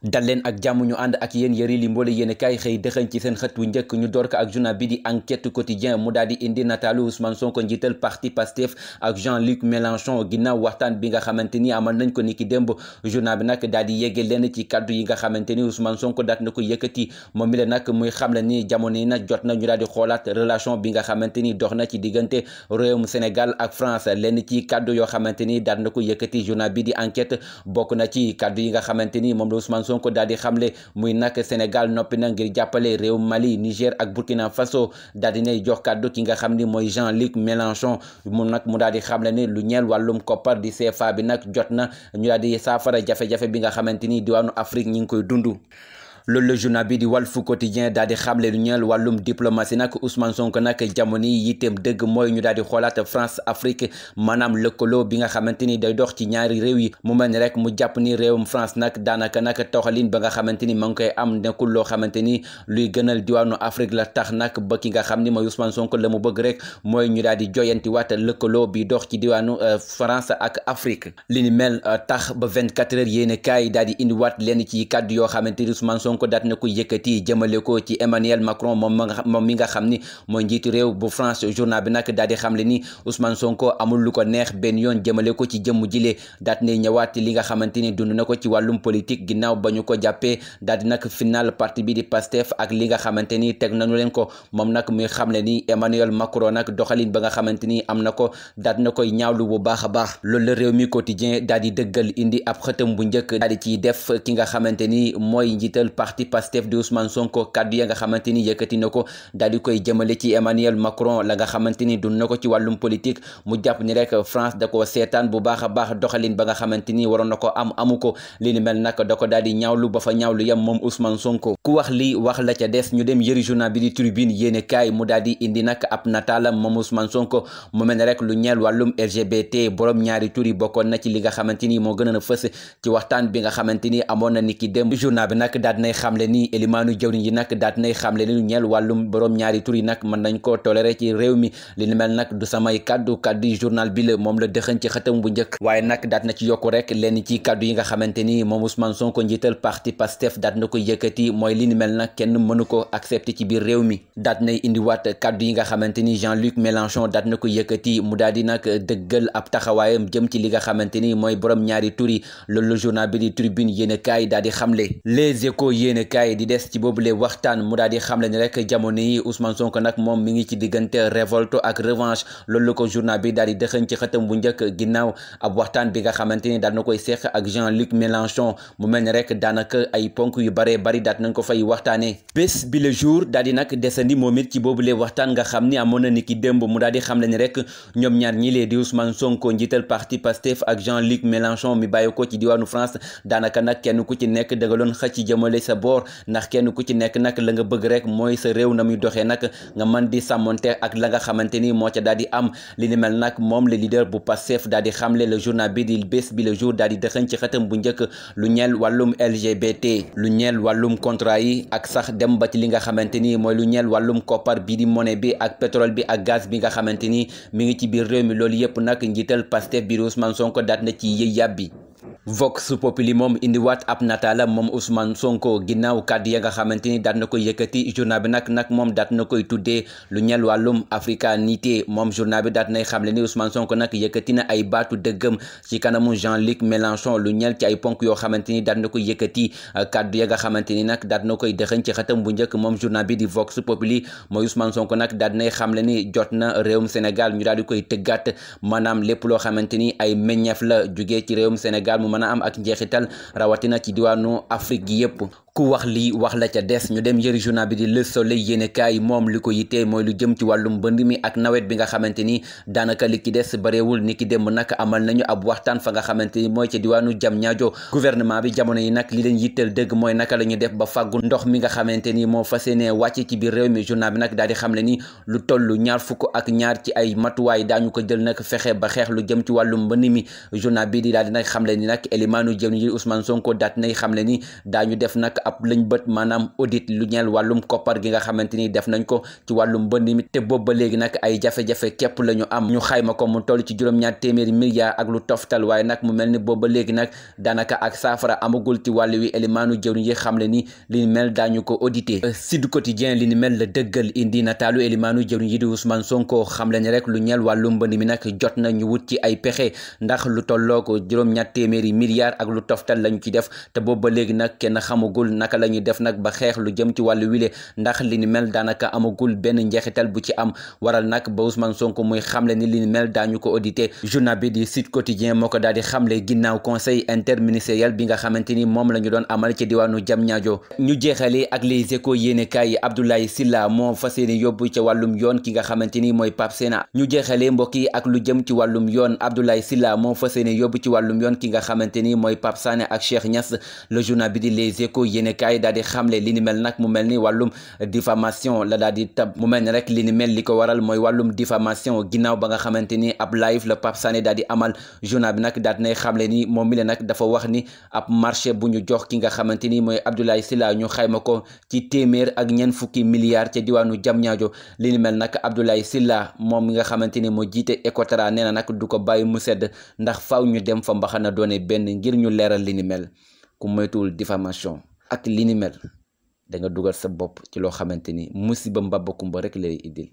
dal leen ak jàmm ñu ànd ak yéen yëri li mboole yéen kaay xëy dëxañ ci seen xët wu njëkk ñu door ko ak journal bi di enquête quotidien mu daal di indi nataalu Ousmane Sonko njiital parti Pastef ak Jean-Luc Mélenchon ginnaaw waxtaan bi nga xamante ni amal nañ ko ni ki démb journal bi nag daal di leen ci kaddu yi nga xamante ni Ousmane Sonko daat na ko yëkkati moom mi la nag muy xam le ni jamono yi nag jot na ñu daal di xoolaat relation bi nga xamante ni dox na ci ni daat na ko yëkkati journal bi di enquête bokk na ci kaddu yi nga xamante ni moom Sonko daal di xamle muy nag Sénégal noppi na ngir jàppale réew Mali Niger ak Burkina Faso daal di nay jox kàddu ki nga xam ni mooy Jean-Luc Mélenchon mu nag mu daal di xamle ni lu ñeel wàllum koppar di CFA bi nag jot na ñu daal di saafara jafe-jafe bi nga xamante ni diwaanu Afrique ñi ngi koy dundu loolu la journal bi di Walf Quotidien daal di xamle lu ñeel yi yitteem dëgg mooy ñu daal di xoolaat France Afrique maanaam lëkkaloo bi nga xamante ni day dox ci ñaari réew yi mu mel ni rek mu jàpp ni réewum France nag daanaka nag toxalin ba nga xamante ni ma ngi koy am nekkul loo xamante ni luy gënal diwaanu Afrique la tax nag ba ki nga xam ni mooy Ousmane Sonko la mu bëgg rek mooy ñu daal di joyanti waat lëkkaloo bi dox ci diwaanu euh, France ak Afrique li euh, tax ba 24 heures a di indiwaat lenn ci kàddu yoo xamante ni Sonko daat na ko yëkkati jëmale ko ci Emmanuel Macron moom moom mi nga xam ni mooy njiitu réew bu France journal bi nag daal di xamle ni Ousmane Sonko amul lu ko neex benn yoon jëmale ba ñu teg nañu leen ko moom nag muy xamle ni Emmanuel Macron nag doxalin ba nga xamante ni am na ko daat na koy ñaawlu bu baax a baax loolu la réew mi quotidien daal dëggal indi ab xëtam bu njëkk daal di def ki nga xamante mooy njiital parti Pastef di Ousmane Sonko kaddu ya nga yëkkati na ko koy jëmale ci Emmanuel Macron la nga xamante ni ci wàllum politique mu jàpp ni rek France da seetaan bu baax a baax doxalin ba nga xamante ni waroon na ko am amu ko li ni mel nag da ko daal ba fa ñaawlu yam moom Ousmane Sonko ku wax li wax la ca des ñu dem yëri journal bi di tribune yéene kaay mu daal di indi nag ab nataalam moom Ousmane Sonko mu mel ne rek lu ñeel wàllum LGBT borom a nay xamle ni élimaanu jawriñ yi nag daat nay xamle ni ñeel wàllum borom ñaari tur yi mën nañ ko toléré ci réew mi li ni mel nag du samay kaddu kaddu journal bi la moom la dëxañ ci xëtam bu njëkk waaye nag daat na ci yokku rek lenn ci kaddu yi nga xamante ni moom Ousmane Sonko njiital parti Pastef daat na ko yëkkati mooy li ni mel nag kenn mënu ko accepté ci biir réew mi daat nay indiwaat kaddu yi nga xamante ni Jean-Luc Mélenchon daat na ko yëkkati mu daal di nag dëggal ab taxawaayam jëm ci li nga xamante ni mooy borom ñaari tur yi loolu la journal bi di tribune yéen a kaay daal xamle les échos yéene kaay di des ci boobule waxtaan mu daal di xamle rek jamono yi Ousmane Sonko ko bi daal di dëxëñ ci xëtam bu njëkk ginnaaw yu baree bari daat nañ ko fay waxtaanee bés bi le jour daal di nag desandi moom it ci boobule waxtaan nga xam ni amoon na ni njiital parti Pastef ak Jean-Luc Mélenchon mi bàyyi ko ci diwaanu France daanaka nag kenn ku ci nekk dëggaloon xëcc jëmale sa boor ndax kenn ku ci nekk nag la nga bëgg rek mooy sa réew na muy doxee nag nga man di sàmmonte ak la nga xamante ni moo ca daal di am li ni mel nag moom le leader bu Pastef daal di xamle le journal bi di bés bi le jour daal di dëxëñ ci xëtam bu njëkk lu ñeel wàllum LGBT lu ñeel wàllum contrat yi ak sax dem ba ci li xamante ni mooy lu ñeel wàllum koppar bi di monnaie bi ak pétrole bi ak gaz bi nga xamante ni mu ngi ci biir réew mi loolu yëpp nag njiital Pastef bi Ousmane Sonko daat na ci yàbbi Vox Populi moom indiwaat ab nataala moom Ousmane Sonko ginnaaw kàddu ya nga xamante ni daat na koy yëkkati journal bi nag nag moom daat na koy tuddee lu ñel wàllum africanité moom journal bi daat nay xamle ni Ousmane Sonko nag yëkkati na ay baatu dëggam ci kanamu Jean-Luc Mélenchon lu ñel ci ay ponk yoo xamante ni daat na koy yëkkati kàddu ya nga xamante ni nag daat na koy dëxëñ ci xatam bu njëkk moom journal bi di Vox Populi mooy Ousmane Sonko nag daat nay xamle ni jot na réewum Sénégal ñu daal di koy tëggaat maanaam lépp loo xamante ni ay meññeef la jugee ci réewum Sénégal Sénégal a am ak njeexital rawatina ci diwaanu Afrique gi yëpp ku wax lii wax la ca des ñu dem yëri journal bi di Le Soleil yéenekaay moom li ko yittee mooy lu jëm ci wàllum mbënd mi ak nawet bi nga xamante ni daanaka ni ki démb nag amal nañu ab waxtaan fa nga xamante ni mooy ca diwaanu Diamniadio gouvernement bi jamono yi nag li leen yitteel dëgg mooy naka la ñu def ba fàggu ndox mi nga xamante ni moo fas yéene wàcc ci biir réew mi journal bi nag daal di xamle ni lu toll ñaar fukk ak ñaar ci ay matuwaay daañu ko jël nag fexe ba xeex lu jëm ci wàllum mbënd mi journal bi di daal di nag ni nag élimaanu jëm ñi Ousmane Sonko daat nay xam le ni daañu def nag ab lañ bët maanaam audit lu ñeel wàllum koppar gi nga xamante ni def nañ ko ci wàllum mbënd mi ba léegi nag ay jafe képp la ñu am ñu xayma ko mu toll ci juróom téeméeri milliards ak lu toftal waaye nag mu mel ni boobu ba léegi nag ak saafara amagul ci wàll wi élimaanu jëm yi xam le ni li mel daañu ko audité Sud Quotidien li ni mel la dëggal indi nataalu élimaanu jëm yi di Ousmane Sonko xam le ni rek lu ñeel wàllum mbënd mi nag jot nañu wut ci ay pexe ndax lu tollooko juróom-ñaar téeméeri milliards ak lu toftal lañu ci def te boobu ba léegi nag kenn xamagul naka la ñuy def nag ba xeex lu jëm ci wàllu wile ndax li ni mel daanaka amagul benn njeexital bu ci am waral nag ba Ousmane Sonko muy xamle ni li ni mel daañu ko audité journal bi di Sud Quotidien moo ko daal di xamle ginnaaw conseil interministériel bi nga xamante ni moom la ñu doon amal ci diwaanu Diamniadio ñu jeexale ak les échos yéenekaay yi Abdoulaye Silla moo fas yéene yóbbu ca wàllum yoon ki nga xamante ni mooy Pape Sena ñu jeexale mbokk yi ak lu jëm ci wàllum yoon Abdoulaye Silla moo fas yéene yóbbu ci wàllum yoon ki nga nga xamante ni mooy Pape Sané ak Cheikh Niass le journal bi di Les Échos yéene kaay xamle li ni mu mel ni wàllum diffamation la daal tab mu mel ni rek li ni mel li ko waral mooy wàllum diffamation ginnaaw ba nga xamante ni ab live la Pape Sané daal di amal journal bi nag daal di nay xamle ni moom mi le nag dafa wax ni ab marché bu ñu jox ki nga xamante ni mooy Abdoulaye Sylla ñu xayma ko ci téeméer ak ñeent fukki milliards ca diwaanu Diamniadio li ni mel nag Abdoulaye Sylla moom nga xamante moo jiite Ecotra nee na nag du ko bàyyi mu sedd ndax faaw doone benn ngir ñu leeral li ku moytuwul diffamation ak li ni mel da nga dugal sa bopp ci loo xamante ni musiba mbàbba kumba rek lay indil